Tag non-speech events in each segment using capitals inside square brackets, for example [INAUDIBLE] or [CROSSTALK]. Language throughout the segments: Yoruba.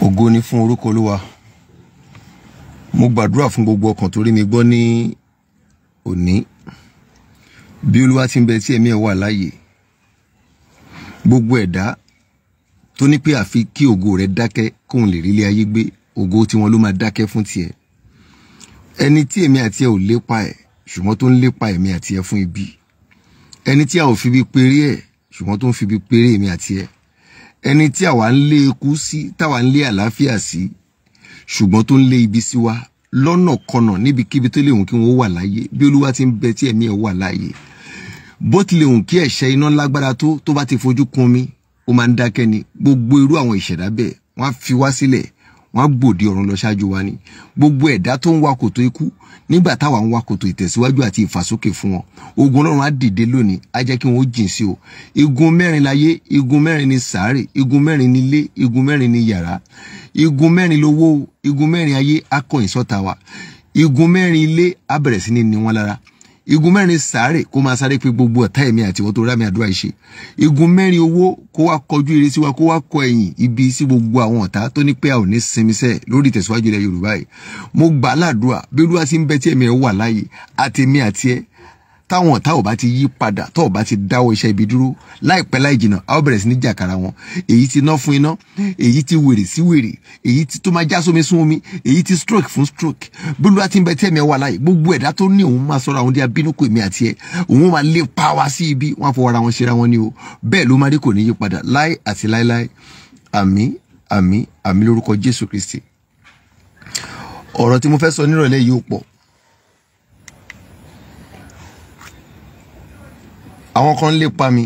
ògo ni fún orúkọ olúwa mo gbàdúrà fún gbogbo ọkàn tó rí mi gbọ́ ní òní bí olúwa ti ń bẹ tí ẹ̀mí ẹ̀ wà láàyè gbogbo ẹ̀dá tó ní pé àfi kí ògo rẹ̀ dákẹ́ kóun lè rí ilé ayé gbé ògo tiwọn ló máa dákẹ́ fún tiẹ̀ ẹni tí èmi àti ẹ ò lépa ẹ̀ ṣùgbọ́n tó ń lépa èmi àti ẹ fún ibi ẹni tí a ò fi bí péré ẹ̀ ṣùgbọ́n tó ń fi bí péré èmi àti ẹ ẹni tí àwa ń lé eku sí táwa ń lé àlàáfíà sí ṣùgbọ́n tó ń lé ibi sí wa lọ́nà kọnà níbikíbi tó lè hùn kí wọ́n wà láàyè bí olúwa ti ń bẹ tí ẹ̀mí ẹ̀ wà láàyè bó tilẹ̀ hùn kí ẹ̀ṣẹ̀ iná lágbára tó tó bá ti fojú kun mi ó máa ń dákẹ́ ni gbogbo irú àwọn ìṣẹ̀dá bẹ́ẹ̀ wọ́n á fi wá sílẹ̀ wọ́n á gbòde ọ̀run lọ ṣáájú wa ni gbogbo ẹ̀dá tó ń wakò tó ikú nígbà táwa ń wá kòtò ìtẹ̀síwájú àti ìfàsókè fún wọn ogun ọlọ́run á dìde lónìí á jẹ́ kí wọ́n jìn sí o igun mẹ́rin láyé igun mẹ́rin ní sàárè igun mẹ́rin ní ilé igun mẹ́rin ní yàrá igun mẹ́rin lówó igun mẹ́rin ayé á kọ̀yìn sọ́ta wa igun mẹ́rin ilé á bẹ̀rẹ̀ sí ní ni wọ́n lára igun mẹ́rin sáré kó máa sáré pé gbogbo ọ̀tá ẹ̀mí àti ìwọ́n tó rámi àdúrà ṣe igun mẹ́rin owó kó wá kọjú ire sí wa kó wá kọ ẹ̀yìn ibi sí gbogbo àwọn ọ̀tá tó ní pé a ò ní sinmi sẹ́ lórí ìtẹ̀síwájú ilẹ̀ Yorùbá yìí mo gbà á ládùúà bí olúwa ti ń bẹ tí ẹ̀mí rẹ̀ wà láàyè àtẹ̀mí àti ẹ̀ táwọn ọ̀tá ò bá ti yí padà tó ò bá ti dáwọ́ iṣẹ́ ibi dúró láìpẹ́ láì jìnnà a ó bẹ̀rẹ̀ sí ní jàkàrà wọn èyí ti ná fún iná èyí ti wèrè sí wèrè èyí ti tó máa já sómi sún omi èyí ti stroke fún stroke bólú àti bẹ tẹ́mi wà láyé gbogbo ẹ̀dá tó ní òun máa sọ̀rọ̀ àwọn di abínúkọ èmi àti ẹ̀ òun máa lé pa sí ibi wọn fọwọ́ ara wọn ṣe ra wọn ni o bẹ́ẹ̀ ló máa rí kò ní yí padà láì àti láíláí àmín àmín àmín lórúkọ Jésù Kristi ọ̀rọ̀ tí mo fẹ́ sọ nírọ̀lẹ́ yìí ó pọ̀ àwọn kan ń lépa mi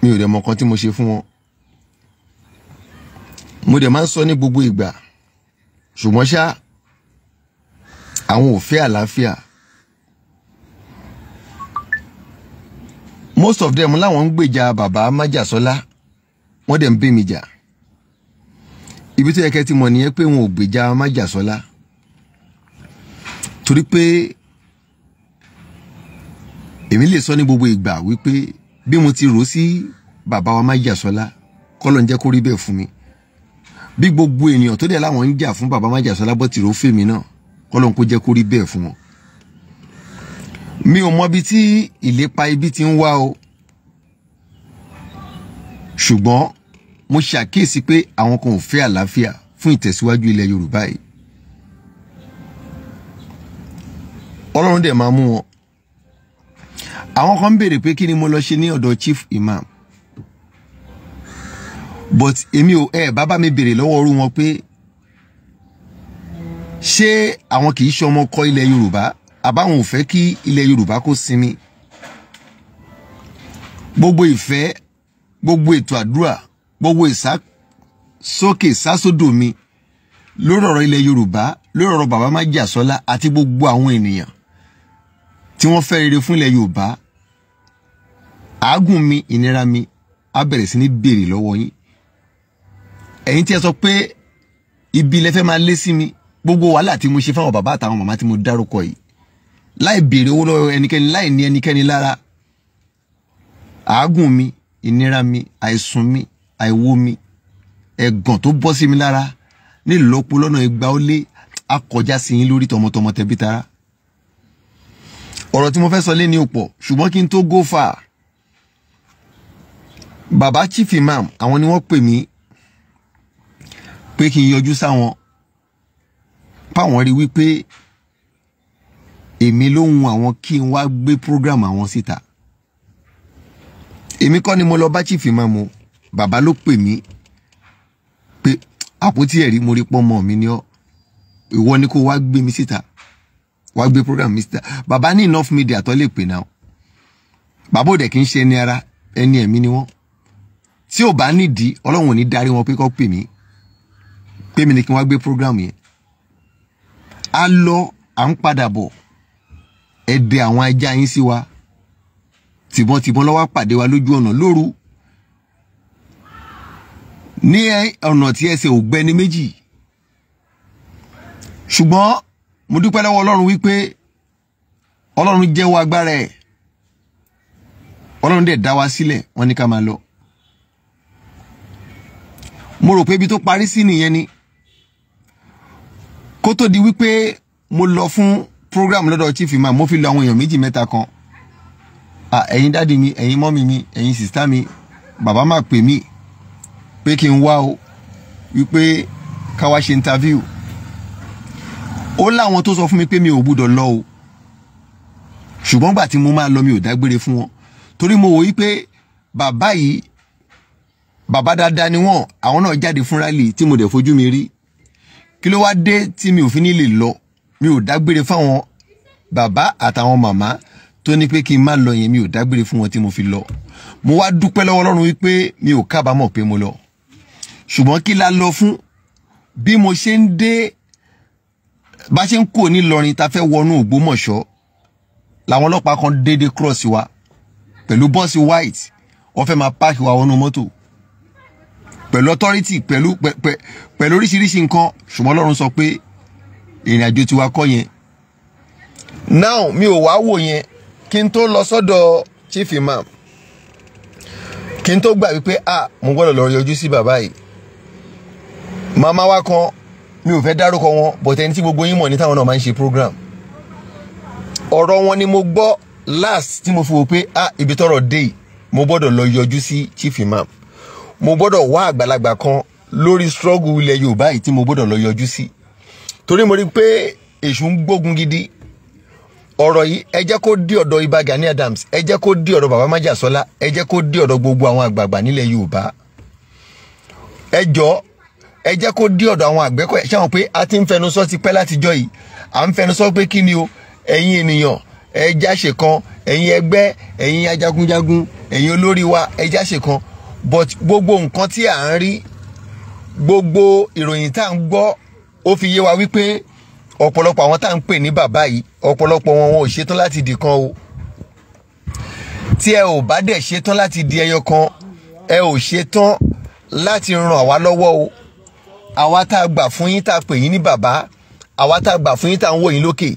mi ò dẹ̀ mọ kan tí mo ṣe fún wọn mo dẹ̀ máa ń sọ ní gbogbo ìgbà ṣùgbọ́n ṣá àwọn ò fẹ́ àlàáfíà most of them láwọn ń gbèjà bàbá májàsọ́lá wọ́n dẹ̀ ń bè mí jà ibi tó yẹ kẹ́ ti mọ̀ nìyẹn pé wọn ò gbèjà májàsọ́lá torí pé èmi lè sọ ní gbogbo ìgbà wípé bí mo ti rò sí bàbá wa Májàsọ́lá kọ́lọ̀ ń jẹ́ kó rí bẹ́ẹ̀ fún mi bí gbogbo ènìyàn tó dẹ̀ láwọn ń jà fún bàbá Májàsọ́lá bọ́ ti rò fèmí náà kọ́lọ̀ ń kó jẹ́ kó rí bẹ́ẹ̀ fún wọn. mi ò mọbi tí ìlépa ibi ti ń wá o ṣùgbọ́n mo ṣàkíyèsí pé àwọn kan ò fẹ́ àlàáfíà fún ìtẹ̀síwájú ilẹ̀ Yorùbá yìí ọlọ́run dẹ̀ máa mú wọn àwọn kan ń pé kí ni mo lọ ṣe ní ọ̀dọ̀ chief imam but èmi ò ẹ bàbá mi béèrè lọ́wọ́ ọrú wọn pé ṣé àwọn kì í ṣe ọmọ kọ́ ilẹ̀ yorùbá àbáwọn ò fẹ́ kí ilẹ̀ yorùbá kó sinmi gbogbo ìfẹ́ gbogbo ètò àdúrà gbogbo ìsásókè sásódò mi lórí ọ̀rọ̀ ilẹ̀ yorùbá lórí ọ̀rọ̀ bàbá májàsọ́lá àti gbogbo àwọn ènìyàn tí wọ́n fẹ́ rere fún ilẹ̀ Yorùbá àágùn mi ìnira mi á bẹ̀rẹ̀ sí ní béèrè lọ́wọ́ yín ẹ̀yin tí ẹ sọ pé ibi ilẹ̀ fẹ́ máa lé sí mi gbogbo wàhálà tí mo ṣe fáwọn bàbá àtàwọn màmá tí mo dárúkọ yìí láì béèrè owó lọ́wọ́ ẹnikẹ́ni láì ní ẹnikẹ́ni lára àágùn mi ìnira mi àìsùn mi àìwo mi ẹ̀gàn tó bọ́ sí mi lára nílòpọ̀ lọ́nà igba ó lé akọjá sí yín lórí tọmọtọmọ tẹbí tara ọ̀rọ̀ tí mo fẹ́ sọ lé ní òpọ̀ ṣùgbọ́n kí n tó go far bàbá chief imam àwọn ni wọ́n pè mí pé kí n yọjú sáwọn páwọn rí wípé èmi ló ń àwọn kí n wá gbé program àwọn síta èmi kọ́ ni mo lọ bá chief imam o bàbá ló pè mí pé àpótí ẹ̀rí mo rí pọ́nmọ́ mi ni ọ́ ìwọ ni kó wá gbé mi síta wàá gbé program mr bàbá ní enough media tó lè pè náà bàbá òde kì í ṣe ẹni ara ẹni ẹ̀mí ni wọ́n tí ò bá nídìí ọlọ́run ò ní darí wọn pé kó pè mí pé mi ni kí wọ́n gbé program yẹn a lọ à ń padà bọ̀ ẹ dẹ àwọn ajá yín sí wa tìbọntìbọn ló wá pàdé wa lójú ọ̀nà lóru ní ọ̀nà tí ẹsẹ̀ ò gbẹni méjì ṣùgbọ́n mo dúpẹ́ lọ́wọ́ ọlọ́run wípé ọlọ́run jẹ́ wá agbára ẹ̀ ọlọ́run dẹ̀ dá wa sílẹ̀ wọ́n ní ká máa lọ mo rò pé ibi tó parí sí nìyẹn ni kó tó di wípé mo lọ fún program lọ́dọ̀ chief imam mo fi lọ àwọn èèyàn méjì mẹ́ta kan ẹ̀yin dáàdi mi ẹ̀yin mọ́mi mi ẹ̀yin sista mi bàbá máa pè mí pé kí n wá o wípé ká wá ṣe interview ó láwọn tó sọ fún mi pé mi ò gbúdọ̀ lọ o ṣùgbọ́n gbà tí mo máa lọ mi ò dágbére fún wọn torí mo wòye pé bàbá yìí bàbá dáadáa ni wọ́n àwọn náà jáde fún rálì tí mo dẹ̀ fojú mi rí kí ló wá dé tí mi ò fi ní lè lọ mi ò dágbére fáwọn bàbá àtàwọn màmá tó ní pé kí n má lọ yẹn mi ò dágbére fún wọn tí mo fi lọ mo wá dúpẹ́ lọ́wọ́ Ọlọ́run wípé mi ò kábàámọ̀ pé mo lọ ṣùgbọ́n kí la lọ fún bí mo ṣe ń dé bá ṣe ń kúrò nílọrin ta fẹ́ wọnú ògbómọ̀ṣọ́ làwọn ọlọ́pàá kan déédé cross wa pẹ̀lú bọ́ọ̀sì white wọ́n fẹ́ máa páàkì wa wọnú mọ́tò pẹ̀lú authority pẹ̀lú pẹ̀lú oríṣiríṣi nǹkan ṣùgbọ́n ọlọ́run sọ pé ìrìn àjò tiwa kọ́ yẹn now mi ò wá wò yẹn kí n tó lọ sọ́dọ̀ chief imam kí n tó gbà wípé ah mo gbọ́dọ̀ lọ yọjú sí bàbá yìí màmá wa kan mi ò fẹ́ dárúkọ wọn but ẹni tí gbogbo yín mọ̀ ní táwọn náà máa ń ṣe program ọ̀rọ̀ wọn ni mo gbọ́ last tí mo fi wò pé ah ibi tọ́rọ̀ dé mo gbọ́dọ̀ lọ yọjú sí chief imam mo gbọ́dọ̀ wá àgbàlagbà kan lórí struggle ilẹ̀ yorùbá yìí tí mo gbọ́dọ̀ lọ yọjú sí torí mo rí pé èṣù ń gbógun gidi ọ̀rọ̀ yìí ẹ jẹ́ kó dé ọ̀dọ̀ Ìbà Gani Adams ẹ jẹ́ kó dé ọ̀dọ̀ baba májàsọ́lá ẹ jẹ́ kó dé ọ̀dọ̀ gbogbo àwọn àgbààgbà nílẹ̀ yorùbá ẹ jọ̀ọ́ ẹ jẹ́ kó dí ọ̀dọ̀ àwọn Àgbẹ̀kọ̀yà ṣé wọn pé a ti ń fẹnusọ ti pẹ́ látijọ́ yìí à ń fẹnusọ pé kí ni o ẹ̀yin ènìyàn ẹ jáṣe kan ẹ̀yin ẹgbẹ́ ẹ̀yin ajagunjagun ẹ̀yin olórí wa ẹ jáṣe kan but gbogbo nǹkan tí à ń rí gbogbo ìròyìn tá à ń gbọ́ ó fi yé wa wípé ọ̀pọ̀lọpọ̀ àwọn tá à ń pè ní bàbá yìí ọ̀pọ̀lọpọ̀ wọn wọn ò ṣetán láti dì kan o tí ẹ ò bá dẹ̀ ṣetán láti di ẹyọ kan ẹ ò ṣetán láti ran àwa lọ́wọ́ o àwa tá a gbà fún yín tá a pè yín ní bàbá àwa tá a gbà fún yín tá a ń wò yín lókè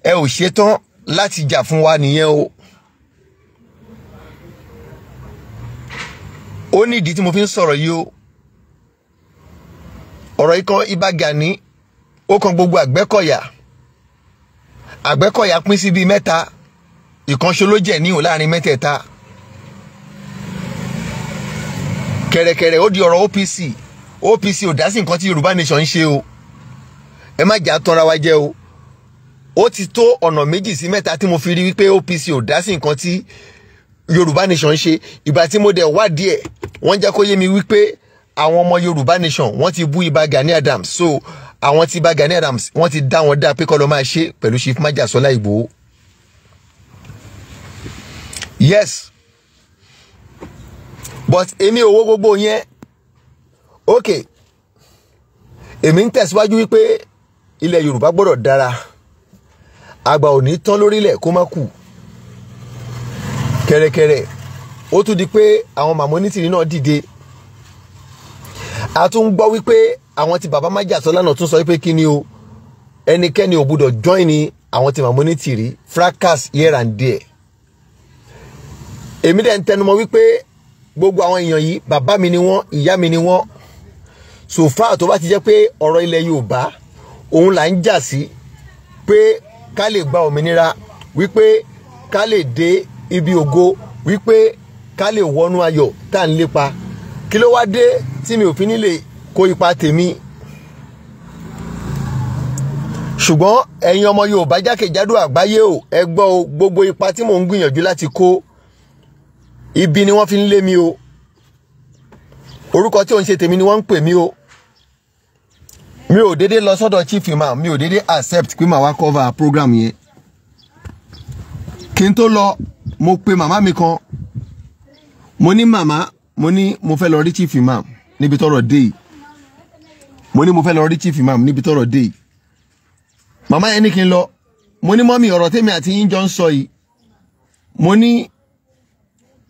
ẹ ò ṣetán láti jà fún wa nìyẹn o. ó ní ìdí tí mo fi ń sọ̀rọ̀ yìí o ọ̀rọ̀ ikán Ìbà Gani ó kan gbogbo Àgbẹ̀kọ̀yà Àgbẹ̀kọ̀yà pín sí bíi mẹ́ta ìkànṣe ló jẹ̀ níhùn láàrin mẹ́tẹ̀ẹ̀ta kẹ̀rẹ̀kẹ̀rẹ̀ ó di ọ̀rọ̀ OPC OPC ò dá sí nǹkan tí Yorùbá nation ń ṣe o ẹ má jà tanra wa jẹ o ó ti tó ọ̀nà méjì sí mẹ́ta tí mo fi rí wípé OPC ò dá sí nǹkan tí Yorùbá nation ń ṣe ìgbà tí mo dẹ̀ wádìí ẹ̀ wọ́n jẹ́ kó yé mi wípé àwọn ọmọ Yorùbá nation wọ́n ti bú Ìbà Gani Adams so àwọn tí Ìbà Gani Adams wọ́n ti dá wọn dá pé kọ́ ló máa ṣe pẹ̀lú Chief Maja Sọlá Ìgbòho yes but èmi ò wo gbogbo yẹn ok èmi ń tẹ̀síwájú wípé ilẹ̀ Yorùbá gbọ́dọ̀ dára àgbà ò ní tán lórílẹ̀ kó má kù kẹ̀rẹ̀kẹ̀rẹ̀ ó tún di pé àwọn màmá onítìrí náà dìde a tún ń gbọ́ wípé àwọn ti bàbá májàsọ́lá náà tún sọ wípé kí ni o ẹnikẹ́ni ò gbúdọ̀ join ni àwọn ti màmá fracas here and there èmi dẹ̀ ń tẹnumọ́ wípé gbogbo àwọn èèyàn yìí bàbá mi ni wọ́n ìyá mi ni wọ́n so far tó bá ti jẹ́ pé ọ̀rọ̀ ilẹ̀ Yorùbá òun là ń jà sí pé ká lè gba òmìnira wípé ká lè dé ibi ògo wípé ká lè wọnú ayọ̀ tá à ń lépa kí ló wá dé tí mi ò fi ní lè kó ipa tèmi ṣùgbọ́n ẹ̀yin ọmọ Yorùbá jákèjádò àgbáyé o ẹ gbọ́ o gbogbo ipa tí mò ń gbìyànjú láti kó ibi ni wọ́n fi ń lé mi o orúkọ tí ò ń ṣe tèmi ni wọ́n ń pè mí o mi ò dédé lọ sọ́dọ̀ chief imam mi ò dédé accept pé màá wá cover program yẹn kí n tó lọ mo pe màmá mi kan mo ní màmá mo ní mo fẹ́ lọ rí chief imam níbi tọ́rọ̀ dé yìí mo ní mo fẹ́ lọ rí chief imam níbi tọ́rọ̀ dé yìí màmá yẹn ní kí n lọ mo ní mọ́mí ọ̀rọ̀ tèmi àti yín jọ ń sọ yìí mo ní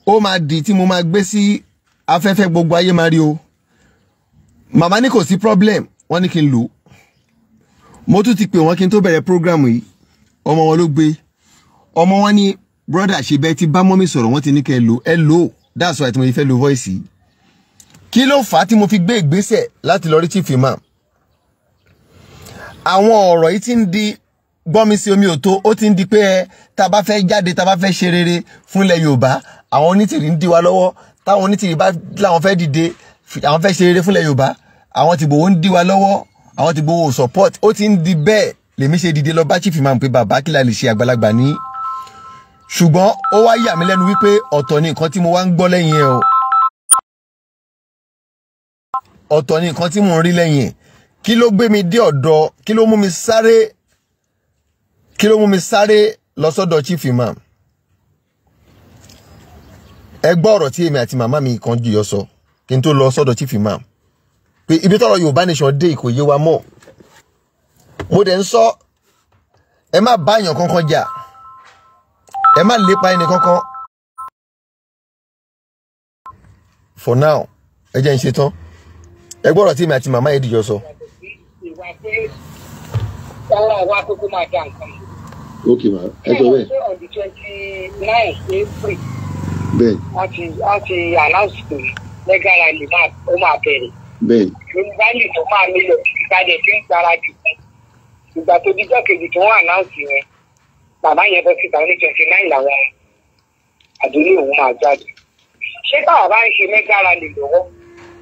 ó máa di tí mo máa gbé sí afẹ́fẹ́ gbogbo ayé máa rí o màmá ní kò sí problem wọ́n ní kí n lò ó mo tún ti pè wọ́n kí n tó bẹ̀rẹ̀ program yìí ọmọ wọn ló gbé ọmọ wọn ní brother ṣe bẹ́ẹ̀ ti bá mọ́mí sọ̀rọ̀ wọ́n ti ní kẹ́ ẹ lò ẹ lò ó that's why tí mo fi fẹ́ lo voice yìí kí ló fà á tí mo fi gbé ìgbésẹ̀ láti lọ rí chief imam àwọn ọ̀rọ̀ yìí ti ń di gbọ́mi sí omi òtó ó ti ń di pé ẹ tá bá fẹ́ jáde tá bá fẹ́ ṣe rere fúnlẹ̀ yorùbá àwọn onítìrí ń di wa lọ́wọ́ táwọn onítìrì bá láwọn fẹ́ dìde àwọn fẹ́ ṣe rere fúnlẹ̀ yorùbá àwọn tìgbòho ń dí wa lọ́wọ́ àwọn tìgbòho ò support ó ti ń di bẹ́ẹ̀ lèmi ṣe dìde lọ bá chief imam pé bàbá kí la lè ṣe àgbàlagbà ní. ṣùgbọ́n ó wá yà mí lẹ́nu wípé ọ̀tọ̀ ni nǹkan tí mo wá ń gbọ́ lẹ́yìn ẹ̀ o ọ̀tọ̀ ni nǹkan tí mò ń rí lẹ́yìn kí ló gbé mi dé ọ̀dọ̀ kí ló mú mi sáré kí ló mú mi sáré lọ sọ́dọ̀ chief imam ẹ gbọ́ ọ̀rọ̀ tí èmi àti màmá mi kan jùyọ sọ kí n tó lọ sọ́dọ̀ chief imam pé ibi tọ́rọ̀ Yorùbá nation dé kò yé wa mọ́ mo dẹ̀ ń sọ ẹ má bá èèyàn kankan jà ẹ má lépa ẹni kankan for now ẹ jẹ́ ń ṣe tán ẹ gbọ́ ọ̀rọ̀ tí èmi àti màmá yẹn dìjọ sọ. ok ma ẹ sọ bẹ́ẹ̀ bẹ́ẹ̀. wọ́n ti pé legal rally náà ó máa bẹ̀rẹ̀. yorùbá lè tó máa mi ìgbàdẹ tí ń gbáradì fún ìgbà tó díjọ́ kejì tí wọ́n announce yẹn bàbá yẹn bọ́ síta ní twenty nine làwọn àdúlé òun máa jáde. ṣé táwa bá ń ṣe legal rally lọ́wọ́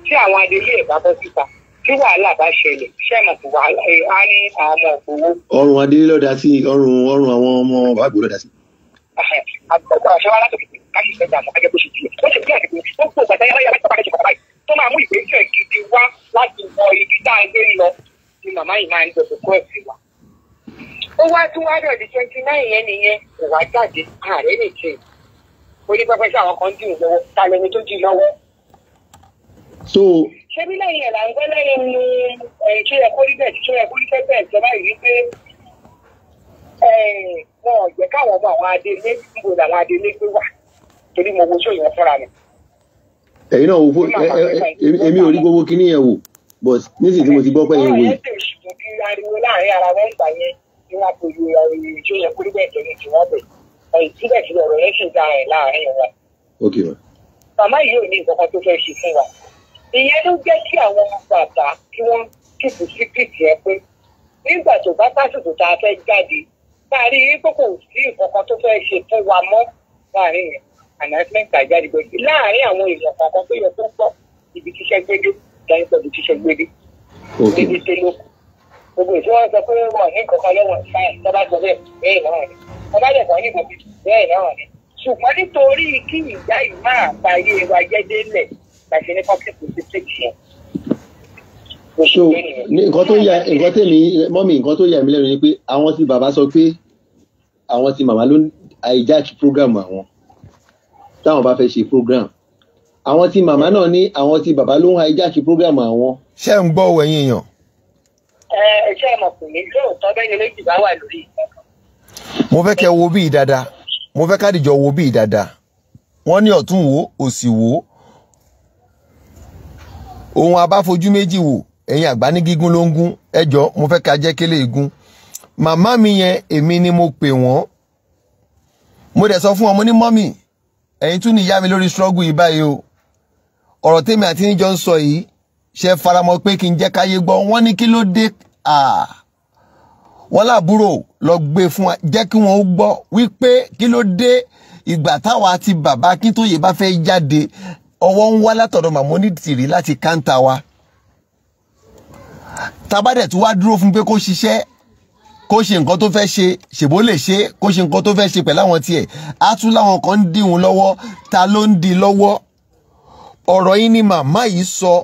tí àwọn adelé ẹ̀ bá bọ́ síta tí wàhálà bá ṣẹlẹ̀ sẹ́mu kò wàhálà á ní àwọn ọmọ òkòwò. ọrùn adelé lọ́dà sí ọrùn ọrùn àwọn ọmọ bàbá àgbò lọ́dà sí àgbàdo àṣẹ wa látòkè káyì ìṣẹ̀dá àṣà kájẹ́ bó ṣe jùlọ ó sì bí àdìgbò ó gbọ́ ògbà dáyà láyà pàpàkẹ́ ṣèpàpà yìí tó máa mú ìgbésẹ̀ gidi wá láti wọ ibi tá a gbé lọ ni màmá yìí máa ń gbẹ̀gbẹ̀ kọ́ ẹ̀sìn wa. ó wá tún wá dọ̀dí twenty nine yẹn nìyẹn kò wá jáde ààrẹ nìkan ó ní pẹ́pẹ́ sí àwọn kan dì í lọ́wọ́ ta lẹni tó dì í lọ́wọ́. ṣé bí lẹ́yìn ẹ̀ là ń gbọ́ lẹ́yìn nu ẹ̀ ṣé ẹ kórìí bẹ́ẹ̀ ṣé ẹ kórìí bẹ́ẹ̀ bẹ́ẹ̀ sọ báyìí wípé wọn ò jẹ́ káwọn ọmọ àwọn adélé níbo làwọn adélé gbé wà torí mo wo sóyún fúnra mi. ẹ̀yin náà wo fún èmi ò rí gbogbo kíní yẹn wò but nísìnyí tí mo ti gbọ́ pé yẹn wò yìí. ariwo láàrin ara wọn gbà yẹn ni wọn kò yọ ìròyìn tí yẹ kó nígbà ní tiwọn bẹ síbẹ̀síbẹ̀ ọ̀rọ̀ yẹn sì ń da ẹ̀ láàrin wọn. màmá yìí ò ní nǹkan tó fẹ́ ṣe fún wa ìyẹn ló jẹ́ kí àwọn bàbá kí wọ́n kìkù sí kìkì ẹ pé nígbà tó bá pásítọ̀ tá fẹ́ jáde káàrí pé kò sí nǹkan kan tó fẹ́ẹ́ ṣe fún wa mọ́ láàrin yẹn announcement àjáde gbèsè láàrin àwọn èèyàn kọ̀ọ̀kan tó yẹ kó gbọ́ ibi tíṣẹ́ gbédé lẹ́yìn pẹ̀lú tíṣẹ́ gbédé níbi tẹ lóko gbogbo ìṣe wọn sọ pé wọn ní nǹkan kan lọ́wọ́ fáìn tọ́ba sọ bẹ́ẹ̀ bẹ́ẹ̀ náà ni tọ́ba dẹ̀ kàn ní nǹkan bí bẹ́ẹ̀ náà ni ṣùgbọ́n nítorí kí ìyá yìí máa ba ayé wa jẹ́ délẹ̀ láti ní public statistics yẹn. so nǹkan tó yà nǹkan tèmi mọ́mí nǹkan tó yà mí lẹ́nu ni pé àwọn tí bàbá sọ pé àwọn ti màmá ló hijack program àwọn táwọn bá fẹ́ ṣe program àwọn ti màmá náà ní àwọn ti bàbá ló ń hijack program àwọn. ṣé ń gbọ́ òwe yín yàn. ẹ ẹ ṣé mọ̀ pé lóòótọ́ bẹ́ẹ̀ ni méjì bá wà lórí ìkọ̀ọ̀kan. mo fẹ́ kẹ́ wo bíi dáadáa mo fẹ́ kádìjọ wo bíi dáadáa wọ́n ní ọ̀tún wo òsì wo ohun abáfojú méjì wo ẹ̀yin àgbá ní gígùn ló ń gún ẹjọ́ mo fẹ́ ká kélé igun màmá mi yẹn èmi ni mo pè wọ́n mo dẹ̀ sọ fún wọn mo ní mọ́mì ẹ̀yin tún ní ìyá mi lórí struggle yìí báyìí o ọ̀rọ̀ tèmi àti níjọ ń sọ yìí ṣe faramọ́ pé kí n jẹ́ káyé gbọ́ wọ́n ní kí ló dé wọ́n làbúrò lọ gbé e fún wa jẹ́ kí wọ́n gbọ́ wípé kí ló dé ìgbà táwa àti bàbá Akíntóyè bá fẹ́ jáde ọwọ́ ń wá látọ̀dọ̀ màmá onítìrí láti káńtà wa tabadẹ̀ tí wàá dúró fún pé kó ṣiṣẹ́ kó ṣe nǹkan tó fẹ́ ṣe ṣèbó lè ṣe kó ṣe nǹkan tó fẹ́ ṣe pẹ̀lú àwọn tiẹ̀ á tún láwọn kan ń dì lọ́wọ́ ta ló ń di lọ́wọ́ ọ̀rọ̀ yìí ni màmá yìí sọ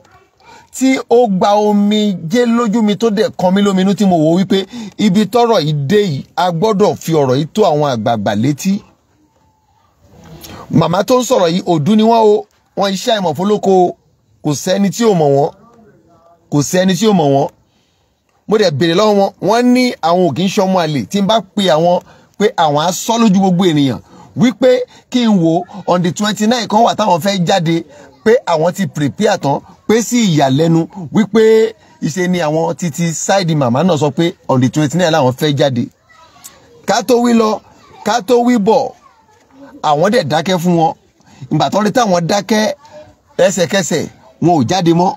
tí ó gba omi jẹ́ lójú mi tó dẹ̀ kan mí lóminú tí mo wò wípé ibi tọ́rọ̀ yìí dé yìí a gbọ́dọ̀ fi ọ̀rọ̀ yìí tó àwọn àgbààgbà létí màmá tó ń sọ̀rọ̀ yìí òdú ni wọ́n o wọn iṣẹ́ àìmọ̀fólókò kò sẹ́ni tí ò mọ̀ wọ́n kò sẹ́ni tí ò mọ̀ wọ́n mo dẹ̀ béèrè lọ́wọ́ wọn wọ́n ní àwọn ò kì í ṣọmọ àlè tí n bá pe àwọn pé àwọn á sọ lójú gbogbo ènìyàn wípé kí n wò on the twenty nine kan wà táwọn fẹ́ jáde pé àwọn ti prepare tán pé sí ìyàlẹ́nu wípé ìṣe ni àwọn titi ṣáìdì màmá náà sọ pé on the twenty nine làwọn fẹ́ jáde ká tó wí lọ ká tó wí bọ̀ àwọn dẹ̀ dákẹ́ fún wọn ìgbà tó rí táwọn dákẹ́ ẹsẹ̀kẹsẹ̀ wọn ò jáde mọ́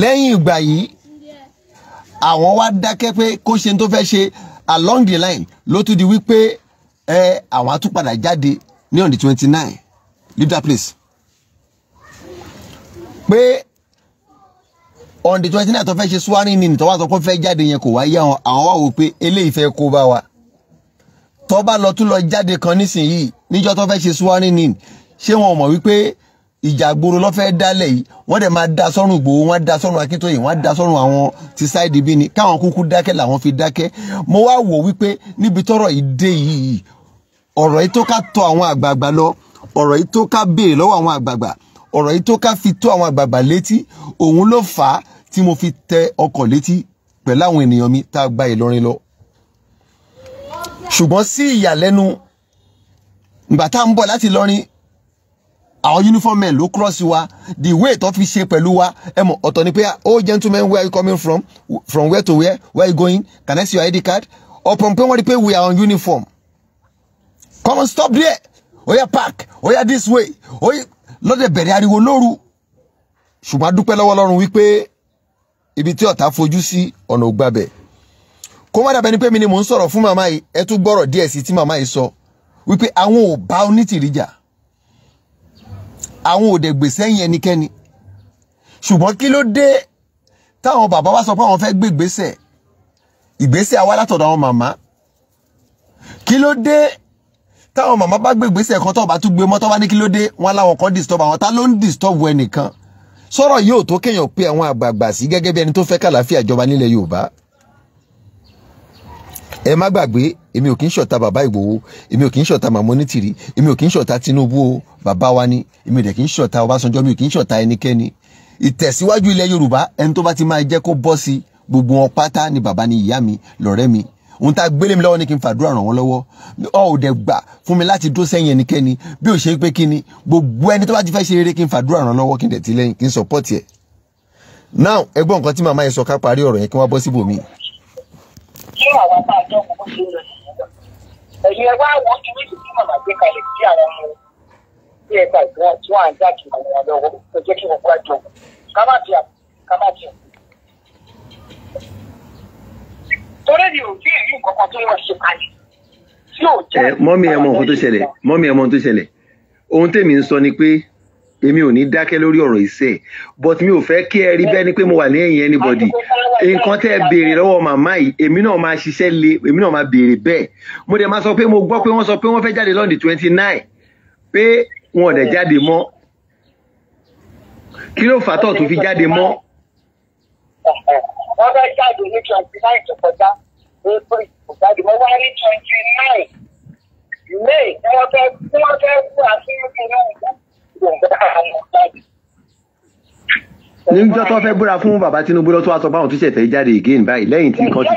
lẹ́yìn ìgbà yìí àwọn wá dákẹ́ pé kó ṣe tó fẹ́ ṣe along the line ló tún di wípé ẹ àwọn á tún padà jáde ní on the twenty nine leave that place pé on the twenty nine tó fẹ́ ṣe swearing in tó wá sọ pé fẹ́ jáde yẹn kò wá yá wọn àwọn wá wò pé eléyìí fẹ́ kó bá wa tó bá lọ tún lọ jáde kan nísìnyí níjọ́ tó fẹ́ ṣe swearing in ṣé wọn mọ̀ wípé ìjàgboro lọ́fẹ́ dálẹ̀ yìí wọ́n dẹ̀ máa da sọ́run Ìgbòho wọ́n da sọ́run Akíntóyè wọ́n da sọ́run àwọn ti sáìdì bí ni káwọn kúkú dákẹ́ làwọn fi dákẹ́ mo wá wò wípé níbi tọ́rọ̀ yìí dé yìí ọ̀rọ̀ yìí tó ká tọ̀ àwọn àgbààgbà lọ ọ̀rọ̀ yìí tó ká béèrè lọ́wọ́ àwọn àgbààgbà ọ̀rọ̀ yìí tó ká fi tó àwọn àgbààgbà létí òun ló fà á tí mo fi tẹ ọkọ̀ létí pẹ̀lú àwọn uniform men ló cross wa the way tó fi ṣe pẹ̀lú wa ẹ mọ̀ ọ̀tọ̀ ni pé oh gentleman where are you coming from from where to where where are you going can I see your ID card ọ̀pọ̀ pé wọ́n rí pé we are on uniform come on stop there oya oh, park oya oh, this way oya oh, lọ́dẹ̀ bẹ̀rẹ̀ ariwo lóru ṣùgbọ́n a dúpẹ́ lọ́wọ́ Ọlọ́run wípé ibi tí ọ̀tá fojú sí ọ̀nà ògbàbẹ̀ kó má dàbẹ́ ni pé mi ni mò ń sọ̀rọ̀ fún màmá yìí ẹ tún gbọ́rọ̀ díẹ̀ sí tí màmá yìí sọ wípé àwọn ò bá onítìrí àwọn ò dẹ̀ gbèsè ẹ̀yìn ẹnikẹ́ni ṣùgbọ́n kí ló dé táwọn bàbá wa sọ pé àwọn fẹ́ gbé ìgbésẹ̀ ìgbésẹ̀ àwa látọ̀dọ̀ àwọn màmá kí ló dé táwọn màmá bá gbé ìgbésẹ̀ kan tó bá tún gbé mọ́ bá ní kí ló dé wọn láwọn kan disturb àwọn ta ló ń disturb ẹnìkan sọ̀rọ̀ yóò tó kéèyàn pé àwọn àgbààgbà sí gẹ́gẹ́ bí ẹni tó fẹ́ kàlàáfíà ìjọba nílẹ̀ Yorùbá ẹ má gbàgbé èmi ò kì í ṣọ̀tá bàbá Ìgbòho èmi ò kì í ṣọ̀tá màmá Onítìrí èmi ò kì í ṣọ̀tá Tinubu o bàbá wa ni èmi ò dẹ̀ kì í ṣọ̀tá Ọbásanjọ́ mi ò kì í ṣọ̀tá ẹnikẹ́ni ìtẹ̀síwájú ilẹ̀ Yorùbá ẹni tó bá ti máa jẹ́ kó bọ́ sí gbogbo wọn pátá ni bàbá ni ìyá mi lọ̀rẹ́ mi ohun tá a gbélé mi lọ́wọ́ ni kí n fàdúrà ràn wọ́n lọ́wọ́ ọ ò dẹ̀ gbà fún mi láti dó sẹ́yìn ẹnikẹ́ni bí ò ṣe pé kí ni gbogbo ẹni tó bá ti fẹ́ ṣe eré kí n fàdúrà ràn lọ́wọ́ kí n dẹ̀ ti lẹ́yìn kí n sọpọ́ọ̀tì ẹ̀. now ẹgbọ́n nǹkan tí màmá yẹn sọ ká parí ọ̀rọ̀ yẹn kí wọ́n bọ́ síbòmí. ṣé àwọn bá àjọ kò kó ṣe lọ sí ẹ̀yin ẹ wá wọ ojú méjì tí gbé kalẹ̀ sí àwọn ọmọ tí ẹ gbà tí tí wọ́n á ń jáde àwọn lọ́wọ́ tó jẹ́ kí wọ́n gbá jọ ká má torí mi ò tí nǹkan tó wọ́n ṣe kalẹ̀ tí ò jẹ́. mọ́mí ẹ̀ mọ̀ ohun tó ṣẹlẹ̀ mọ́mí ẹ̀ mọ̀ ohun tó ṣẹlẹ̀ ohun tèmi ń sọ ni pé èmi ò ní dákẹ́ lórí ọ̀rọ̀ iṣẹ́ but mi ò fẹ́ kí ẹ rí bẹ́ẹ̀ ni pé mo wà ní ẹ̀yìn anybody nǹkan tẹ́ ẹ béèrè lọ́wọ́ màmá yìí èmi náà máa ṣiṣẹ́ le èmi náà máa béèrè bẹ́ẹ̀ mo dẹ̀ máa sọ pé mo gbọ́ pé wọ́n sọ pé wọ́n fẹ́ jáde lọ́ndì twenty nine pé wọn ò dẹ̀ jáde mọ́ kí ló fà tọ̀ tó fi jáde mọ́. wọ́n fẹ́ jáde ní twenty nine tó kọjá april jáde mọ́ wá ní twenty nine may wọ́n fẹ́ wọ́n fẹ́ fún àfihàn níjọ́ tó fẹ́ búra fún bàbá Tinubu lọ́tún wá sọ pé àwọn tó ṣẹ̀tẹ̀ jáde again báyìí lẹ́yìn tí nǹkan ti.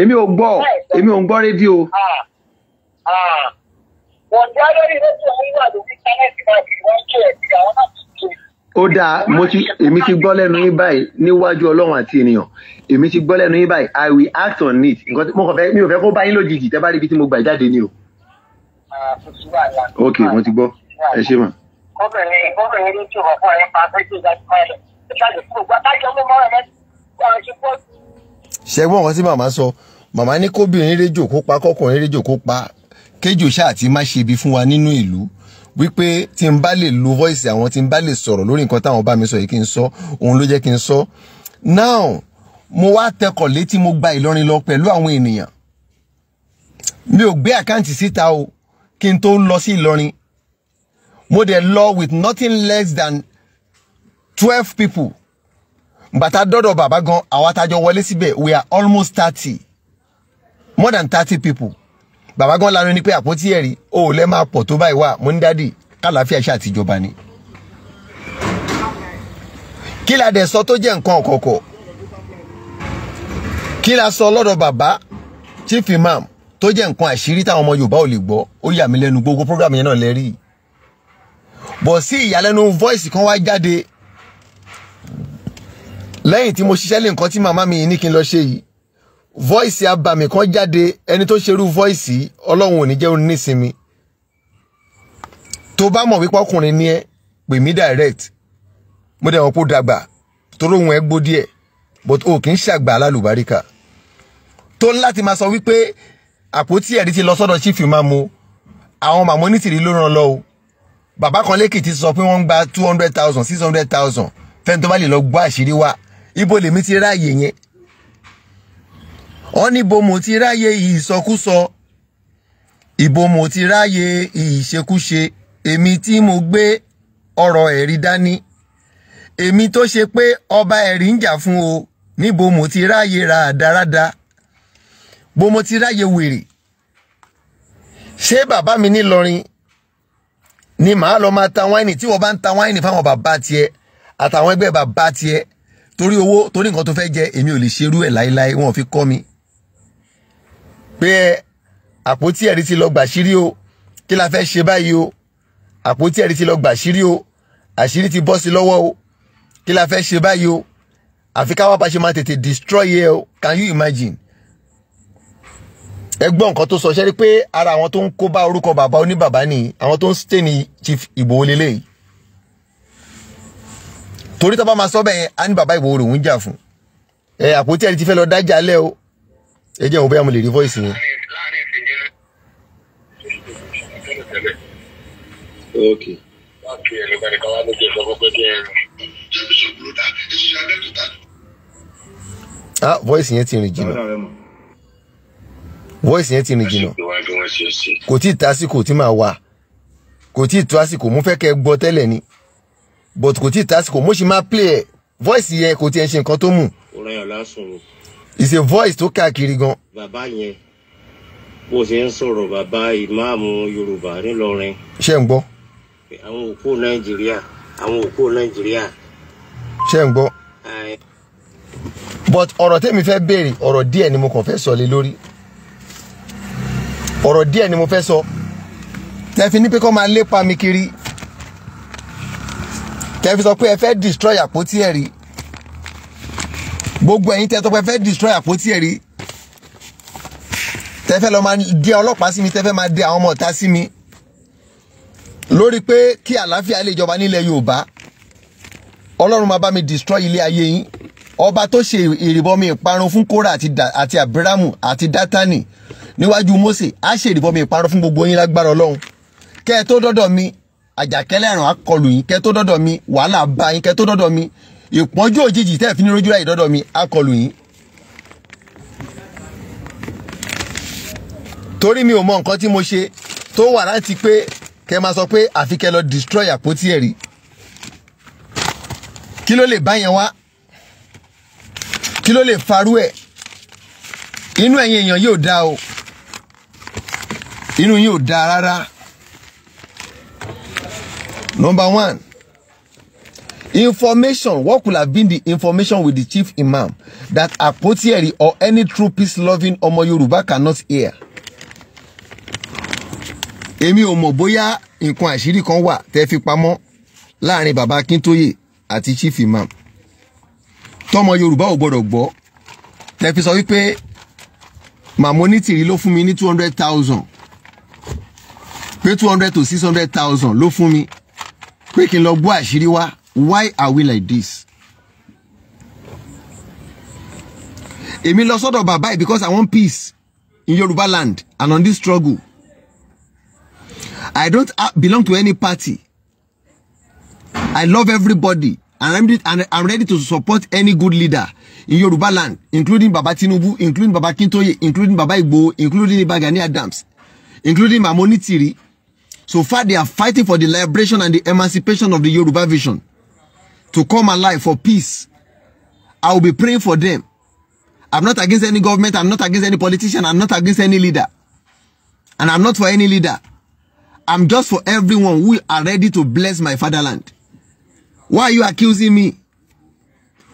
èmi ò gbọ́ èmi ò ń gbọ́ rédíò. Ah, ah. wọ́n já lórí rédíò nígbà tó fi kánẹ́ẹ̀tì máa fi wọ́n jẹ́ ẹ̀sìn àwọn náà ó dáa mo ti èmi ti gbọ́ lẹ́nu yín báyìí níwájú ọlọ́run àti ènìyàn èmi ti gbọ́ lẹ́nu yín báyìí i will act on it nǹkan mo kàn fẹ́ mi ò fẹ́ kó bá yín lójijì tẹ́ bá rí ibi tí mo gbà jáde ni o. Ah, ok mo ti gbọ́ ẹ ṣe mà. obìnrin obìnrin ní tí òkú ọ̀rẹ́ pa fẹ́ tí ìdájọ́ rẹ̀ ìṣáàjì fún gbogbo àtàjọ mú mọ́rẹ̀ mẹ́tì ọ̀rọ̀ ṣe pọ̀. ṣẹ́gbọ́n kan tí màmá sọ màmá ní kóbìnrin rédíò kó pa kọkùnrin rédíò kó pa kéjò ṣáà ti má ṣe ibi fún wa nínú ìlú wípé tí n bá lè lo voice àwọn tí n bá lè sọ̀rọ̀ lórí nǹkan táwọn bá mi sọ yìí kí n sọ òun ló jẹ́ kí n sọ now mo wá tẹkọ̀ létí mo gba Ìlọrin lọ pẹ̀lú àwọn ènìyàn mi ò gbé àkáǹtì síta o kí n tó lọ sí Ìlọrin mo dẹ̀ lọ with nothing less than twelve people but bàtà dodo baba gan àwa tájọ wọlé síbẹ̀ we are almost thirty more than thirty people baba gan la ni pe àpótí ẹ̀rí o ò lẹ́ máa pọ̀ tó báyìí wá mo ń dádì kálàáfíà ṣáà tìjọba ni. kí la dẹ̀ sọ tó jẹ́ nǹkan ọ̀kọ̀ọ̀kọ̀ kí la sọ lọ́dọ̀ bàbá chief imam tó jẹ́ nǹkan àṣírí táwọn ọmọ Yorùbá ò lè gbọ́ ó yà mí lẹ́nu gbogbo program yẹn náà lẹ́rìí bọ̀ sí ìyàlẹ́nu voice kan wá jáde lẹ́yìn tí mo ṣiṣẹ́ lé nǹkan tí màmá mi ní kí n lọ ṣe yìí voice abàmì kan jáde ẹni tó ṣerú voice ọlọ́run ò ní jẹ́ onísinmi tó bá mọ̀ wípé ọkùnrin ni ẹ pè mí direct mo dẹ̀ wọ́n pò dàgbà torí òun ẹ gbó díẹ̀ but o kì í ṣàgbà alálùbáríkà tó ń láti máa sọ wípé àpótí ẹ̀rí ti lọ sọ́dọ̀ chief imam o àwọn màmá onítìrí ló ràn lọ bàbá kan lẹ́kìtì sọ pé wọ́n ń gba two hundred thousand six hundred thousand fẹ́ni tó bá lè lọ gbọ́ àṣírí wa ibo lèmi ti ráàyè yẹn wọ́n ní ibo mo ti ráàyè ìsọkúsọ ibo mo ti ráàyè ìṣekúṣe èmi tí mo gbé ọ̀rọ̀ ẹ̀rí dání èmi tó ṣe pé ọba ẹ̀rí ń jà fún o níbo mo ti ráàyè ra àdáradá bo mo ti ráàyè wèrè ṣé bàbá mi nílọrin ni màá lọ máa ta wáìnì tí wọ́n bá ń ta wáìnì fáwọn bàbá tiẹ̀ àtàwọn ẹgbẹ́ bàbá tiẹ̀ torí owó torí nǹkan tó fẹ́ jẹ èmi ò lè ṣerú ẹ̀ láéláé wọn ò fi kọ́ mi. pé àpótí ẹ̀rí ti lọ gbàṣírí o kí la fẹ́ ṣe báyìí o àpótí ẹ̀rí ti lọ gbàṣírí o àṣírí ti bọ́ sí lọ́wọ́ o kí la fẹ́ ṣe báyìí o àfi káwá bá máa tètè destroy ẹ o can you imagine ẹ nǹkan tó sọ ṣẹ́rí pé ara àwọn tó ń kó bá orúkọ bàbá oníbàbá ni àwọn tó ń stay ní Chief Ìgbòho lélẹ́yìí torí tọ́ba máa sọ bẹ́ẹ̀ á ní bàbá Ìgbòho lòún jà fún ẹ àpótí ẹni tí fẹ́ lọ dájà lẹ́ o ẹ jẹ́ òun bẹ́ẹ̀ lè rí voice yẹn. Okay. Ah, voice yẹn ti rìn jìnnà voice yẹn ti rìn jìnnà kò tí ì tásìkò tí màá wà kò tí ì tó àsìkò mo fẹ́ kẹ́ gbọ́ tẹ́lẹ̀ ni but kò tí ì tásìkò mo sì máa play ẹ̀ voice yẹn kò tiẹ̀ ṣe nǹkan tó mú. it's a voice tó káàkiri gan. bàbá yẹn bó ṣe ń sọ̀rọ̀ bàbá ìmáàmù yorùbá nílọrin. ṣé ń gbọ́. àwọn òkú nàìjíríà àwọn òkú nàìjíríà. ṣé ń gbọ́. but ọ̀rọ̀ tẹ́mi fẹ́ béèrè ọ̀rọ̀ díẹ̀ ni mo kàn fẹ́ sọ lé lórí ọ̀rọ̀ díẹ̀ ni mo fẹ́ sọ tẹ́fi ní pé kọ́ máa lépa mi kiri tẹ́fi sọ pé ẹ fẹ́ destroy àpótí ẹ̀rí gbogbo ẹ̀yin tẹ́ sọ pé ẹ fẹ́ destroy àpótí ẹ̀rí tẹ́fẹ́ lọ máa dé ọlọ́pàá sí mi tẹ́fẹ́ máa dé àwọn ọmọ ọ̀tá sí mi lórí pé kí àlàáfíà lè jọba nílẹ̀ Yorùbá Ọlọ́run máa bá mi destroy ilé ayé yín ọba tó ṣe ìrìbọmi ìparun fún Kórà àti Àbírámù àti Dátánì níwájú Mósè á ṣèdí fọmi ìparọ́ fún gbogbo yín lágbára Ọlọ́run kẹ́ ẹ tó dọ́dọ̀ mi àjàkálẹ̀ àrùn akọlù yín kẹ́ ẹ tó dọ́dọ̀ mi wàhálà bá yín kẹ́ ẹ tó dọ́dọ̀ mi ìpọ́njú òjijì tẹ́ ẹ fi ní rojú láì dọ́dọ̀ mi akọlù yín. torí mi ò mọ nǹkan tí mo ṣe tó wà láti pé kẹ́ máa sọ pé àfi kẹ́ lọ destroy àpótí ẹ̀rí kí ló lè bá yẹn wá kí ló lè farú ẹ̀ inú ẹ̀yin èèyàn yóò dáa o inú yín ò dáa rárá number one information what could have been the information with the chief imam that Àpótí-Ẹ̀rí or any true peace-loving ọmọ Yorùbá cannot hear èmi ò mọ̀ bóyá nǹkan àṣírí kan wà tẹ́ fi pamọ́ láàrin baba Akíntóyè àti chief imam tọmọ Yorùbá ò gbọdọ̀ gbọ́ tẹ́ fi sọ wípé Màmá Onítìrí ló fún mi ní two hundred thousand pé two hundred to six hundred thousand ló fún mi pé kí n lọ gbọ́ àṣírí wá why are we like this. èmi lọ sọ́dọ̀ bàbá yìí because I want peace in Yorùbá land and on this struggle I don't belong to any party I love everybody and I'm ready, to support any good leader in Yoruba land, including Baba Tinubu, including Baba Kintoye, including Baba Igboho, including Iba Gani Adams, including Mama Tiri. So far, they are fighting for the liberation and the emancipation of the Yoruba vision to come alive for peace. I will be praying for them. I'm not against any government. I'm not against any politician. I'm not against any leader. And I'm not for any leader. I'm just for everyone who are ready to bless my fatherland. Why are you accusing me?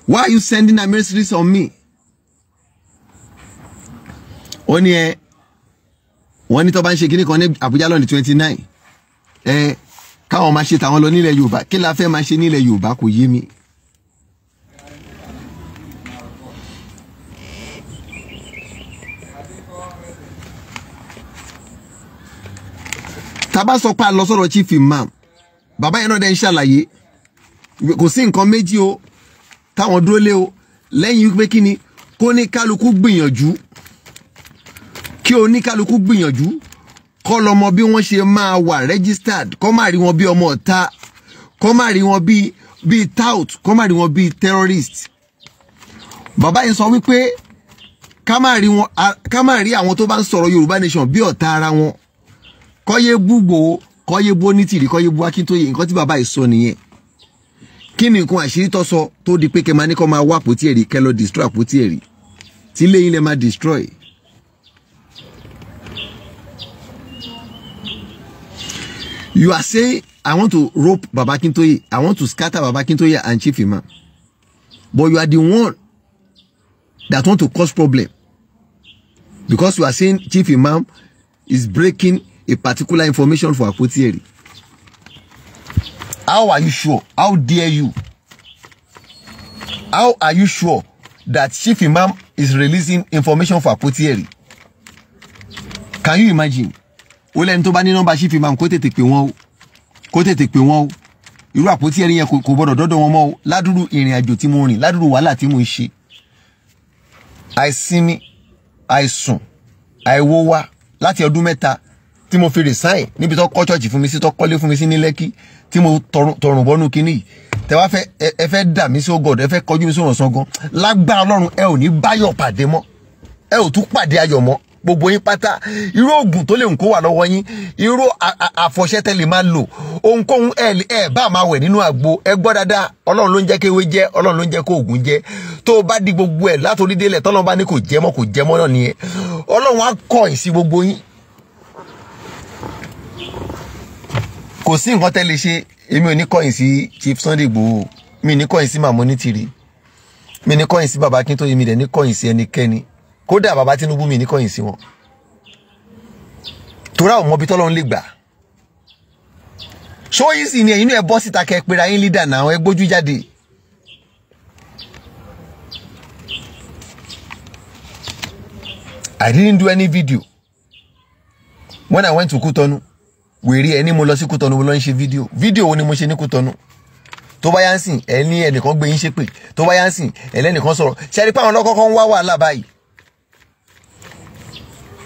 Why are you sending adversaries on me? Wọ́n ní ẹ wọ́n ní tó bá ń ṣe kínní kan ní twenty nine ẹ káwọn máa ṣe tàwọn lọ nílẹ̀ yorùbá kí la fẹ́ máa ṣe nílẹ̀ yorùbá kò yé mi. tábà sọ pé a chief imam bàbá yẹn náà dẹ́ ń ṣàlàyé kò sí nǹkan méjì o táwọn dúró lé o lẹ́yìn pé kí ni kó ní kálukú gbìyànjú kí oníkálukú gbìyànjú kọ́ lọ́mọ bí wọ́n ṣe máa wà registered kọ́ máa rí wọn bí ọmọ ọ̀tá kọ́ máa rí wọn bí bíi tout kọ́ máa rí wọn bíi terrorist bàbá yìí sọ wípé ká máa rí wọn ká máa rí àwọn tó bá ń sọ̀rọ̀ Yorùbá nation bí ọ̀tá ara wọn kọ́ yé gbúgbò kọ́ yé bó ní tìrì kọ́ yé bó Akíntóyè nǹkan tí bàbá yìí sọ nìyẹn kí ni nǹkan àṣírí tó sọ tó di pé kẹ́ máa ní kọ́ máa wá àpótí ẹ̀rí kẹ́ lọ destroy àpótí ẹ̀rí tí lẹ́yìn lẹ́ máa destroy You are saying, I want to rope Baba Kintoye. I want to scatter Baba Kintoye and Chief Imam. But you are the one that want to cause problem. Because you are saying Chief Imam is breaking a particular information for Akpoti How are you sure? How dare you? How are you sure that Chief Imam is releasing information for Akpoti Can you imagine? ó lẹ́ni tó bá ní nọ́mbà ṣífì máa kó tètè pè wọ́n o kó tètè pè wọ́n o irú àpótí ẹni yẹn kò gbọ́dọ̀ dọ́dọ̀ wọn mọ́ o ládùúrú ìrìn àjò tí mo rìn ládùúrú wàhálà tí mo ń ṣe àìsinmi àìsùn àìwo wa láti ọdún mẹ́ta tí mo fi resign níbi tó kọ́ church fún mi sí tó kọ́lé fún mi sí ní lẹ́kí tí mo tọrùn bọ́nú kínní yìí tẹ fẹ́ ẹ fẹ́ dà mí sí ogod ẹ fẹ́ kọjú mi sí òrànṣán gan lágbára Ọlọ́run ẹ ò ní báyọ̀ pàdé mọ́ ẹ ò tún pàdé ayọ̀ mọ́ gbogbo yín pátá irú oògùn tó lè ń kó wà lọ́wọ́ yín irú àfọ̀ṣẹ tẹ́ lè máa lò ohunkóhun ẹ bá máa wẹ̀ nínú àgbo ẹ gbọ́ dáadáa ọlọ́run ló ń jẹ́ kéwé jẹ́ ọlọ́run ló ń jẹ́ kó oògùn jẹ́ tó o bá di gbogbo ẹ̀ látòrí délẹ̀ tọ́lọ́run bá ní kò jẹ́ mọ́ kò jẹ́ mọ́ náà nìyẹn ọlọ́run á kọ̀ ẹ̀ sí gbogbo yín kò sí nǹkan tẹ́ ṣe èmi ò ní kọ̀yìn sí Chief Sunday Igboho mi ní kọ̀yìn sí màmá onítìrí mi ní kọ̀yìn sí bàbá mi dẹ̀ ní kọ̀yìn sí ẹnikẹ́ni kódà bàbá Tinubu mi níkọyìn sí wọn torá ò mọbi tọ́lọ́run lè gbà ṣó yìí ni ẹ̀yin náà ẹ bọ́ síta kẹ́ pera yín lídà náà ẹ gbójú jáde. I didn't do any video when I went to Kutonu wèrè ẹni mo lọ sí Kutonu mo lọ ń ṣe fídíò fídíò wo ni mo ṣe ní Kutonu tó bá yá ń sìn ẹni ẹnìkan gbé yín ṣépè tó bá yá ń sìn ẹlẹ́nìkan sọ̀rọ̀ ṣẹ́ẹ́rí pé àwọn ọlọ́kọ̀ọ́kọ́ ń wá wàhálà báyìí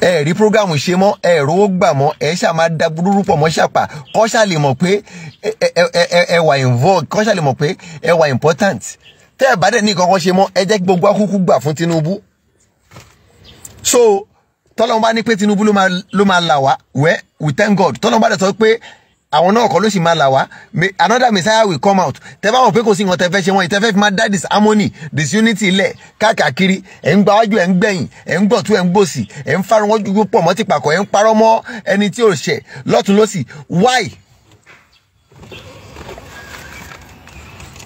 ẹ rí program ṣe mọ́ ẹ rówó gbà mọ́ ẹ ṣáà máa da búrúrú pọ̀ mọ́ ṣàpà kọ́ ṣáà lè mọ̀ pé ẹ wà involved kọ́ ṣáà lè mọ̀ pé ẹ wà important tẹ́ ẹ bá dẹ̀ ní kankan ṣe mọ́ ẹ jẹ́ gbogbo akúkú gbà fún Tinubu so tọ́lọ́mọba ní pé Tinubu ló máa là wá wẹ́ we thank God tọ́lọ́mọba dẹ̀ sọ pé àwọn náà kọ́ ló sì máa là wá another messiah will come out tẹ bá pé kò sí nǹkan tẹ ṣe wọn ìtẹ́fẹ́ fi máa dá disharmony disunity ilẹ̀ káàkiri ẹ̀ ń gbáwájú ẹ̀ ń gbẹ̀yìn ẹ̀ ń gbọ̀tú ẹ̀ ń gbòsì ẹ̀ ń farun wọn jù pọ̀ mọ́ tìpàkọ́ ẹ̀ ń parọ́ mọ́ ẹni tí ò ṣẹ̀ lọ́tún lọ́sì why.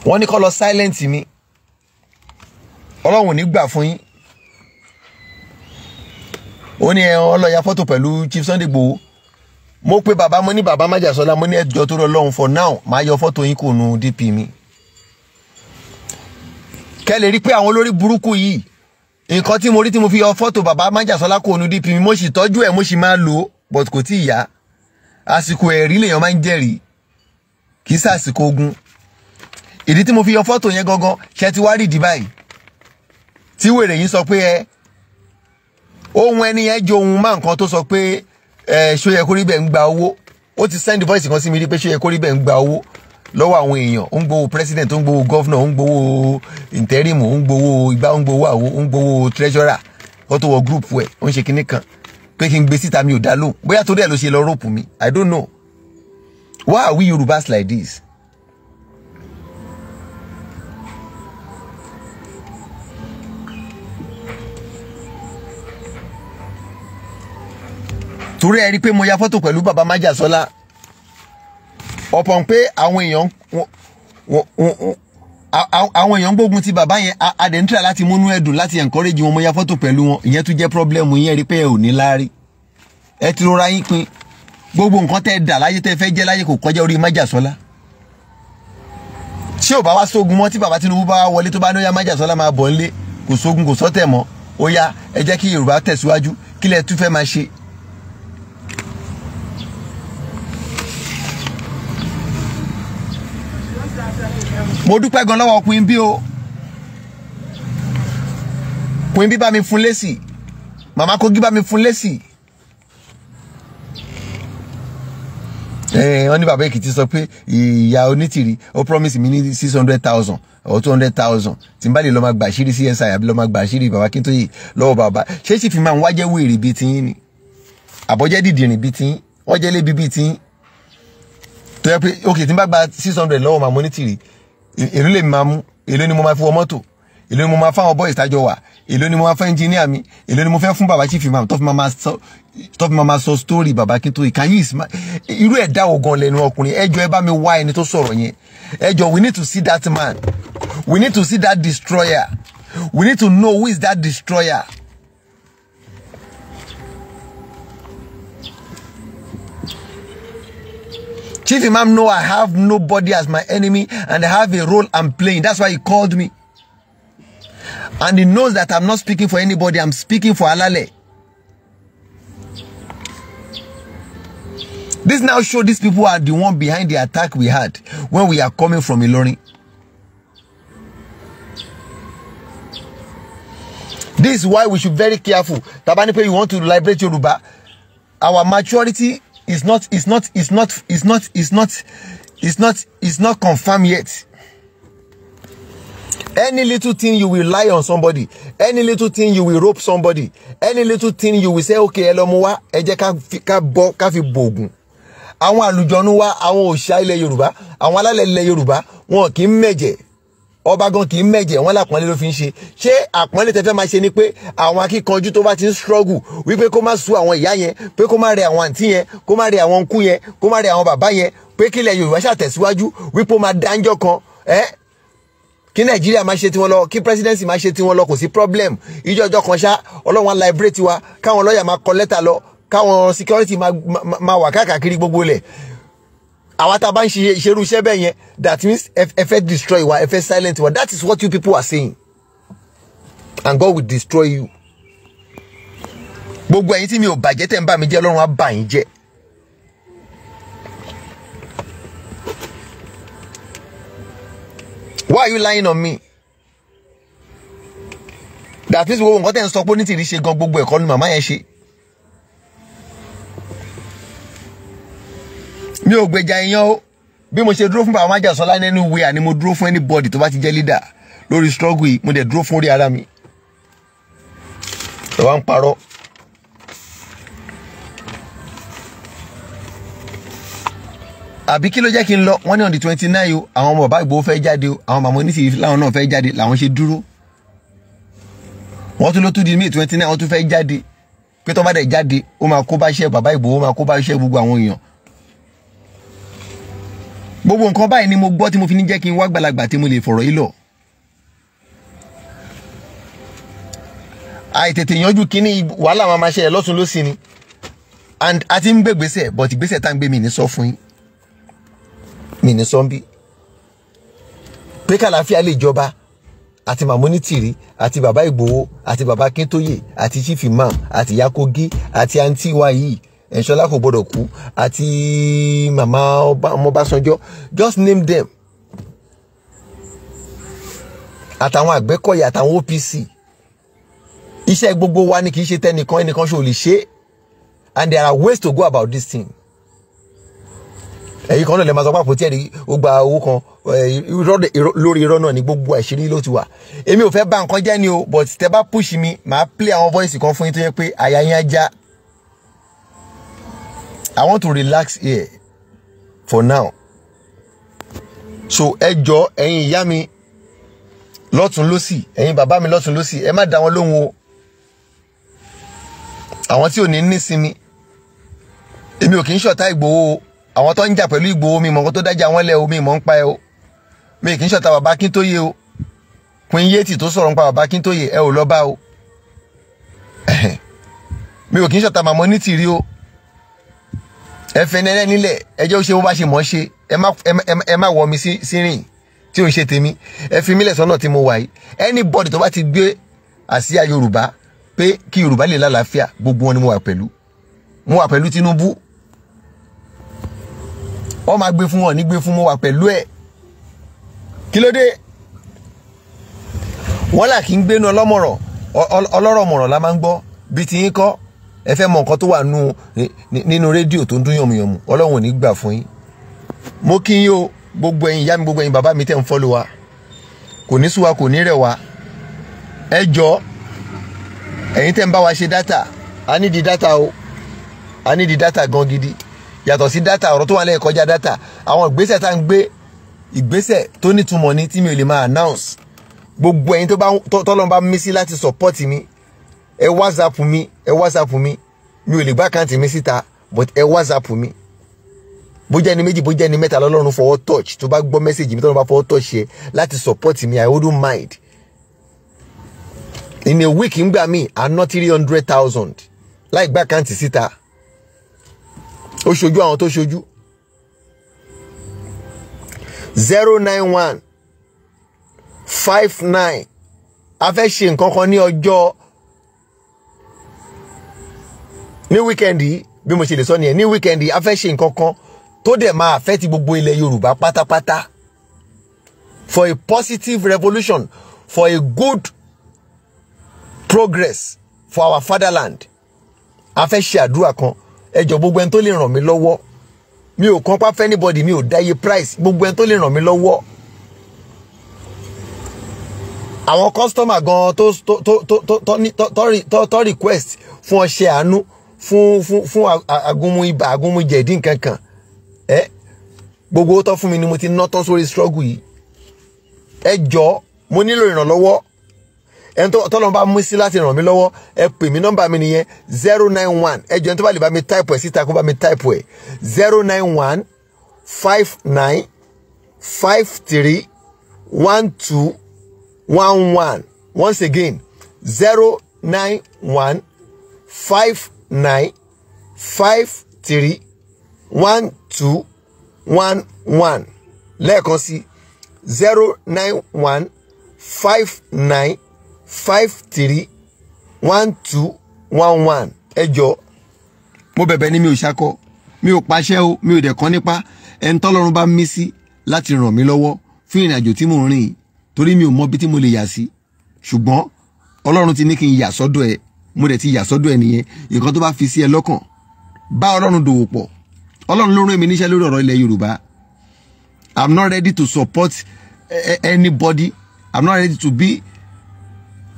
wọ́n ní kọ́ lọ silent mi ọlọ́run ò ní gbà fún yín ó ní ẹ ọlọ́ya fọ́tò pẹ̀lú Chief Sunday Igboho mo pe bàbá mo ní bàbá májàsọlá mo ní ẹjọ tó rọ lọhùn for now máa yọ fọ́tò yín kò nu dp mi kẹ lè rí pé àwọn olórí burúkú yìí nǹkan tí mo rí tí mo fi yọ fọ́tò bàbá májàsọlá kò dp mi mo sì tọ́jú ẹ̀ mo sì máa lò ó but kò tí ì yá àsìkò ẹ̀rí lèèyàn máa ń jẹ́rìí kì í sàsìkò ogun ìdí tí mo fi yọ fọ́tò yẹn gangan ṣe ti wá rí ìdí báyìí tí wèrè yìí sọ pé ẹ ohun ẹni yẹn jẹ ohun má nǹkan tó sọ pé ṣó yẹ kó bẹ́ẹ̀ ń gba owó ó ti send voice kan sí mi rí pé ṣó yẹ bẹ́ẹ̀ ń gba owó lọ́wọ́ àwọn èèyàn ó ń gbowó president ó ń gbowó governor ó ń gbowó interim ó ń gbowó igbá ó ń gbowó àwo ó ń gbowó treasurer ó tó wọ group ẹ̀ ó ń ṣe kinní kan pé kí n gbé síta mi ò dá lóhùn bóyá torí ẹ̀ ló ṣe lọ rope mi I don't know why are we Yorubas like this? torí ẹ rí i pé mo ya fọ́tò pẹ̀lú bàbá májàsọ́lá ọ̀pọ̀n pé àwọn èèyàn àwọn èèyàn gbógun ti bàbá yẹn adẹ́ntra láti múnú ẹ̀dùn láti encourage wọn mo ya fọ́tò pẹ̀lú wọn ìyẹn tún jẹ́ problem yẹn rí pé ẹ ò ní láárí ẹ ti rọra yín pin gbogbo nǹkan tẹ́ ẹ dà láyé tẹ́ ẹ fẹ́ jẹ́ láyé kò kọjá orí májàsọ́lá ṣé ò bá wá sógun mọ́ tí bàbá Tinubu bá wọlé tó bá ní ó yá májàsọ́lá máa bọ̀ ńlé kò sógun kò sọ́tẹ̀ mọ́ ó yá ẹ jẹ́ kí Yorùbá tẹ̀síwájú kílẹ̀ tún fẹ́ máa ṣe mo dúpẹ́ gan lọ́wọ́ Queen Bee o Queen Bee bá mi fún lésì màmá Kogi bá mi fún lésì. wọ́n ní bàbá Èkìtì sọ pé ìyá onítìrí ó promise mi ní six hundred thousand or two hundred thousand tí n bá lè lọ́ọ́ máa gbà àṣírí CSI àbí lọ́ọ́ máa gbà àṣírí bàbá Kíntóyè lọ́wọ́ bàbá ṣé sì fi máa ń wájẹ́ wèrè bíi tiyín ni àbọ̀jẹ́ dìdìrìn bíi tiyín wọ́jẹ́ lébi bíi tiyín tó yẹ pé ok tí n bá gba six hundred lọ́wọ́ màmá onítìrí èló lèmi máa mú èló ni mo máa fi wọ mọ́tò èló ni mo máa fáwọn boys tájọ wà èló ni mo máa fẹ́ engineer mi èló ni mo fẹ́ fún baba chief imam tó fi máa sọ tó fi máa máa sọ story baba Akintoye can you imagine irú ẹ̀dá ògan lẹ́nu ọkùnrin ẹ jọ̀ọ́ ẹ bá mi wá ẹni tó sọ̀rọ̀ yẹn ẹ jọ̀ọ́ we need to see that man we need to see that destroyer we need to know who is that destroyer Chief Imam, know I have nobody as my enemy and I have a role I'm playing. That's why he called me. And he knows that I'm not speaking for anybody, I'm speaking for Alale. This now shows these people are the one behind the attack we had when we are coming from Ilorin. This is why we should be very careful. Tabanipe, you want to liberate Yoruba. Our maturity is not is not is not is not is not is not is not confirmed yet any little thing you will lie on somebody any little thing you will rope somebody any little thing you will say okay ẹ lọ mú wá ẹ jẹ́ ká bọ́ ká fi bògùn àwọn àlùjọ̀nú wa àwọn òòṣà ilẹ̀ yorùbá àwọn alálẹ̀ ilẹ̀ yorùbá wọn kì í mẹ̀jẹ̀ ọba gan kì í mẹ̀jẹ̀ wọn lápọ́nlé ló fi ń ṣe ṣé àpọ́nlé tẹ́fẹ́ máa ṣe ni pé àwọn akíkanjú tó bá ti ń struggle wípé kó má su àwọn ìyá yẹn pé kó má rẹ àwọn àǹtí yẹn kó má rẹ àwọn nkú yẹn kó má rẹ àwọn bàbá yẹn pé kílẹ̀ Yorùbá ṣàtẹ̀síwájú wípé ó máa dáńjọ́ kan ẹ́ kí nàìjíríà máa ṣe tiwọn lọ kí presidency máa ṣe tiwọn lọ kò sí problem ìjọ ọjọ́ kan ṣá ọlọ́run á liberate wa káwọn lọ́ọ̀yà máa kọ security máa wà káàkiri àwa tá a bá ń ṣe ìṣerú iṣẹ́ bẹ́ẹ̀ yẹn that means ẹ fẹ́ destroy wa ẹ fẹ́ silent wa that is what you people are saying and God will destroy you. gbogbo ẹ̀yin tí mi ò bàjẹ́ tẹ̀ ń bà mí jẹ́ ọlọ́run á bà yín jẹ́. why are you lying on me? that means gbogbo nǹkan tẹ̀ ń sọ pé onítìrí ṣe gan gbogbo ẹ̀kọ́ ni màmá yẹn ṣe. mi ò gbèjà èèyàn o bí mo ṣe dúró fún bàbá Májàsọ́lá nínú ìwé àní mo dúró fún anybody tó bá ti jẹ́ leader lórí struggle yìí mo dẹ̀ dúró fún orí ara mi tó bá ń parọ́. àbí kí ló jẹ́ kí n lọ wọ́n ní on twenty nine o àwọn ọmọ bàbá Ìgbòho fẹ́ jáde o àwọn màmá oníṣìí láwọn náà fẹ́ jáde làwọn ṣe dúró wọ́n tún ló tún di may twenty nine wọ́n tún fẹ́ jáde pé tó bá dẹ̀ jáde ó máa kó bá iṣẹ́ bàbá Ìgbòho ó máa kó bá iṣẹ́ gbogbo àwọn èèyàn gbogbo nǹkan báyìí ni mo gbọ́ tí mo fi ní jẹ́ kí n wá gbàlagbà tí mo lè fọ̀rọ̀ yìí lọ. àìtètè yanjú kínní wàhálà máa máa ṣẹlẹ̀ lọ́tún lọ́sìn ni and a ti ń gbé gbèsè but gbèsè tá ń gbé mi ní sọ fún yín mi ní sọ ń bí pé kàlàáfíà lè jọba àti màmú àti bàbá Ìgbòho àti bàbá Kíntóyè àti chief imam àti Yakogi àti àǹtí wa yìí Ṣọlá kò gbọdọ̀ kú àti màmá Ọbásanjọ́ just name them àtàwọn Àgbẹ̀kọ̀yà àtàwọn OPC iṣẹ́ gbogbo wa ni kì í ṣe tẹnìkan ẹnìkan ṣe ò lè ṣe and there are ways to go about this thing ẹ̀yin kan náà lè máa sọ pàpọ̀ tí ẹ̀rí ó gba owó kan eh, lórí irọ́ náà ní gbogbo àṣírí ló ti wà èmi ò fẹ́ bà nǹkan jẹ́ ni o but tẹ́ bá push mi màá play àwọn voice kan fún yín tó yẹ pé àyà yín á já I want to relax here for now so ẹ jọ ẹ̀yin ìyá mi lọ́tún lọ́sì ẹ̀yin bàbá mi lọ́tún lọ́sì ẹ má dá wọn lóhùn o àwọn tí ò ní nísinmi èmi ò kì í ṣọ̀tá Ìgbòho o àwọn tó ń jà pẹ̀lú Ìgbòho mi mọ̀ nǹkan tó dájà wọn lẹ̀ o mi mọ̀ ń pa ẹ o mi kì í ṣọ̀tá bàbá Kíntóyè o Queen Yeti tó sọ̀rọ̀ ń pa bàbá Kíntóyè ẹ ò lọ bá o mi ò kì í ṣọ̀tá màmá onítìrí o ẹ fẹnẹ rẹ nílẹ̀ ẹ jẹ́ ó ṣe bó bá ṣe mọ̀ ọ́ ṣe ẹ má wọ mi sí rìn tí ò ń ṣe tèmi ẹ fi mílẹ̀ sọ́nà tí mo wà yìí anybody tó bá ti gbé àsíá Yorùbá pé kí Yorùbá lè lálàáfíà gbogbo wọn ni mo wà pẹ̀lú mo wà pẹ̀lú Tinubu wọ́n máa gbé fún wọn ní gbé fún mo wà pẹ̀lú ẹ̀ kí ló dé wọ́n là kí ń gbénu ọlọ́mọ̀rọ̀ ọlọ́rọ̀ mọ̀rọ̀ la máa ń gbọ́ bíi ti yín kọ́ ẹ fẹ́ mọ nǹkan tó wà nínú rédíò tó ń dún yànmùyànmù ọlọ́run ò ní gbà fún yín mo kí yín o gbogbo ẹ̀yin ìyá mi gbogbo ẹ̀yin bàbá mi tẹ̀ ń fọ́lù wa kò ní sú wa kò ní rẹ̀ wa ẹ jọ ẹ̀yin tẹ̀ ń bá wa ṣe dátà a ní di dátà o a ní di dátà gan gidi yàtọ̀ sí dátà ọ̀rọ̀ tó wà lẹ́yìn kọjá dátà àwọn ìgbésẹ̀ tá à ń gbé ìgbésẹ̀ tó nítumọ̀ ni tí mi ò lè máa announce gbogbo ẹ̀yin tọ́lọ́n bá mí sí ẹ whatsapp mi ẹ whatsapp mi mi ò lè gbá àkáǹtì mi síta but ẹ whatsapp mi bójá ẹni méjì bójá ẹni mẹ́ta lọ́lọ́run fọwọ́ touch tó bá gbọ́ mẹ́sẹ̀gì mi tó bá fọwọ́ touch yẹ láti support mi i wouldn't mind in a week ngbà mi not three hundred thousand láì gbá àkáǹtì síta ó ṣojú àwọn tó ṣojú zero nine one five nine a fẹ́ ṣe nǹkan kan ní ọjọ́ ní wíkẹ́ndì bí mo ṣe lè sọ nìyẹn ní wíkẹ́ndì a fẹ́ ṣe nǹkan kan tó dẹ̀ máa fẹ́ ti gbogbo ilẹ̀ Yorùbá pátápátá for a positive revolution for a good progress for our fatherland a fẹ́ ṣe àdúrà kan ẹ jọ̀ọ́ gbogbo ẹni tó lè ràn mí lọ́wọ́ mi ò kàn pa fẹ́ anybody mi ò dáyé price gbogbo ẹni tó lè ràn mí lọ́wọ́ àwọn kọ́sítọ́mà gan-an tó request fún ọṣẹ àánú fún fún fún agunmu ibà agunmu jẹ̀dí nǹkan kan ẹ gbogbo owó tó fún mi ni mo ti ná tán sórí struggle yìí ẹ jọ mo nílò ìrànlọ́wọ́ ẹni tọ́lọ́n bá mú sí láti ràn mí lọ́wọ́ ẹ pè mí nọ́mbà mi nìyẹn zero nine one ẹ jọ ẹni tó bá lè bá mi táìpù ẹ̀ síta kó bá mi táìpù ẹ̀ zero nine one five nine five three one two one one once again zero nine one five nine five three one two one one lẹ́ẹ̀kan sí zero nine one five nine five three one two one one ẹ mo bẹ̀bẹ̀ ni mi ò ṣakọ mi ò paṣẹ o mi ò dẹ̀ kán nípa ẹni tọ́lọ́run bá mí sí láti ràn mí lọ́wọ́ fún ìrìn tí mò ń rìn torí mi ò mọ ibi tí mo lè yà sí ṣùgbọ́n ọlọ́run ti ní kí n yà sọ́dọ̀ ẹ̀ mo dẹ̀ ti yà sọ́dọ̀ ẹ nìyẹn nǹkan tó bá fi sí ẹ lọ́kàn bá ọlọ́run dòwò pọ̀ ọlọ́run ló rán èmi níṣẹ́ lórí ọ̀rọ̀ ilẹ̀ yorùbá i'm not ready to support eh, eh, anybody i'm not ready to be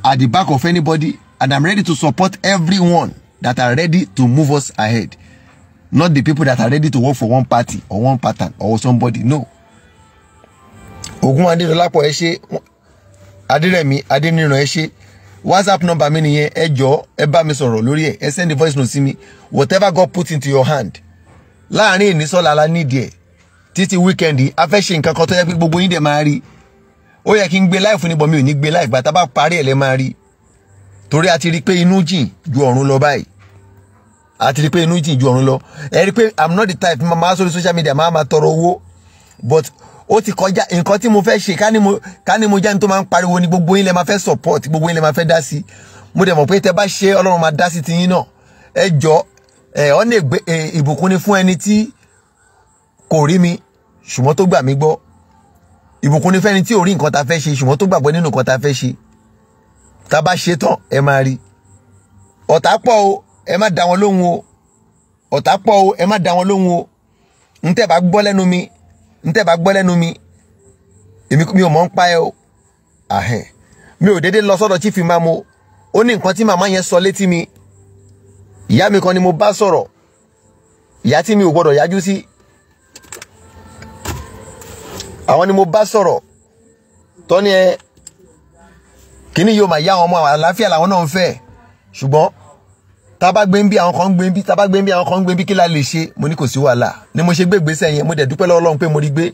at the back of anybody and i'm ready to support everyone that are ready to move us ahead not the people that are ready to work for one party or one pattern or somebody no ogun adedolapo ẹ ṣe aderemi adeniran ẹ ṣe whatsapp number mi nìyẹn ẹ jọ̀ọ́ ẹ bá mi sọ̀rọ̀ lórí ẹ̀ ẹ send the voice note sí mi whatever God put into your hand láàrin ìnísọ́la la nídìí ẹ̀ títí weekend a fẹ́ ṣe nǹkan kan tó yẹ pé gbogbo yín dẹ̀ máa rí ó yẹ kí n gbé live níbọn mi ò ní gbé live gbàtà bá parí ẹ̀ lẹ́ máa rí torí a ti rí pé inú jìn ju ọ̀run lọ báyìí a ti rí pé inú jìn ju ọ̀run lọ ẹ rí pé i'm not the type máa sórí social media máa máa tọrọ owó but ó ti kọjá nǹkan tí mo fẹ́ ṣe ká ní mo ká ní mo jẹ́ ní tó máa ń pariwo ni gbogbo yín lè máa fẹ́ support gbogbo yín lè máa fẹ́ dá sí mo dẹ̀ mọ̀ pé tẹ́ bá ṣe ọlọ́run máa dá sí ti náà ẹ jọ ẹ ọ̀nà ìbùkún ni fún ẹni tí kò rí mi ṣùgbọ́n tó gbà mí gbọ́ ìbùkún ni fẹ́ni tí ò rí nǹkan ta fẹ́ ṣe ṣùgbọ́n tó gbàgbọ́ nínú nǹkan ta fẹ́ ṣe tá bá ṣe tán ẹ máa rí ọ̀tá pọ̀ o ẹ má dá wọn lóhùn o ọ̀tá pọ̀ o ẹ má dá wọn lóhùn o ntẹ́ bá gbọ́ lẹ́nu mi ntẹ́ bá gbọ́ lẹ́nu mi èmi mi ò mọ̀ ń pa ẹ o àhẹn mi ò déédéé lọ sọ́dọ̀ chief imam o ó ní nǹkan tí màmá yẹn sọ létí mi ìyá mi kan ni mo bá sọ̀rọ̀ ìyá tí mi ò gbọ́dọ̀ yájú sí àwọn ni mo bá sọ̀rọ̀ tọ́ni ẹ kíní yóò máa yá àwọn ọmọ àlàáfíà làwọn náà ń fẹ́ ṣùgbọ́n tábà gbé ń bí àwọn kan gbé ń bí tábà gbé ń bí àwọn kan gbé ń bí kí la lè ṣe mo ní kò sí wàhálà ni mo ṣe gbé ìgbésẹ̀ yẹn mo dẹ̀ dúpẹ́ lọ́wọ́ Ọlọ́run pé mo rí gbé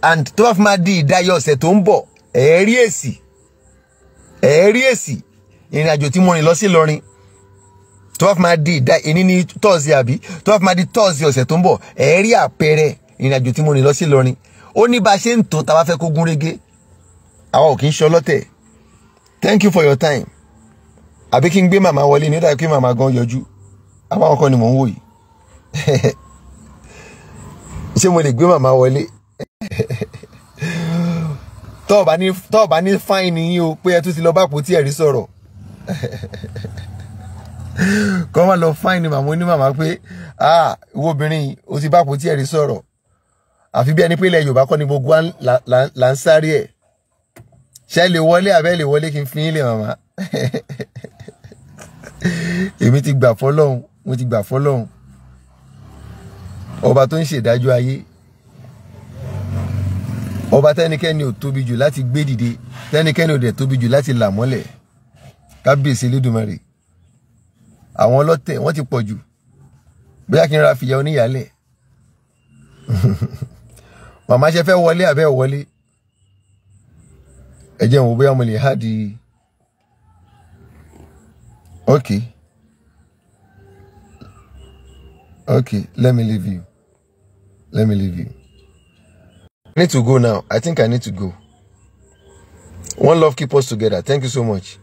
and tó bá fi máa di ìdáyọ̀ ọ̀sẹ̀ tó ń bọ̀ ẹ̀ rí èsì ẹ̀ rí èsì ìrìn àjò tí mo rìn lọ sí Ìlọrin tó bá fi máa di ìdá èní ní tọ́ọ̀sì àbí tó bá fi máa di tọ́ọ̀sì ọ̀sẹ̀ tó ń bọ̀ ẹ̀ rí àpẹẹrẹ ìrìn àjò tí mo rìn lọ sí Ìlọrin ó ní bá a ṣe ń tó tá a bá fẹ́ kó gún àwa ò kì í ṣe thank you for your time àbí kí n gbé màmá wọlé ní ó dàbí pé màmá gan yọjú àbáwọn kan ni mò ń wò yìí [LAUGHS] ṣé mo lè gbé màmá wọlé [LAUGHS] tọ́ọ̀ bá ní fáìní yín o pé ẹ tún ti lọ bá àpótí ẹ̀rí sọ̀rọ̀ [LAUGHS] kọ́ máa lọ fáìní màmá pé ah ìwọ obìnrin o ti bá àpótí ẹ̀rí sọ̀rọ̀ àfi bí ẹni pé ilẹ̀ Yorùbá kọ́ ni gbogbo là ń sáré ẹ̀ ṣe lè wọlé àbẹ́ lè wọlé kí n fi yín lè màmá èmi ti gbà fọlọ́hún mo ti gbà fọlọ́hún ọba tó ń ṣèdájọ́ ayé ọba tẹ́nikẹ́ni ò tóbi jù láti gbé dìde tẹ́nikẹ́ni ò dẹ̀ tóbi jù láti là mọ́lẹ̀ kábíyèsí Elédùmarè àwọn ọlọ́tẹ̀ wọ́n ti pọ̀ jù bóyá kí n ra fìyà oníyàálẹ̀ [LAUGHS] màmá ṣe fẹ́ wọlé àbẹ́ wọlé ẹ jẹ́ bóyá mo lè há di. Okay. Okay, let me leave you. Let me leave you. I need to go now. I think I need to go. One love keep us together. Thank you so much.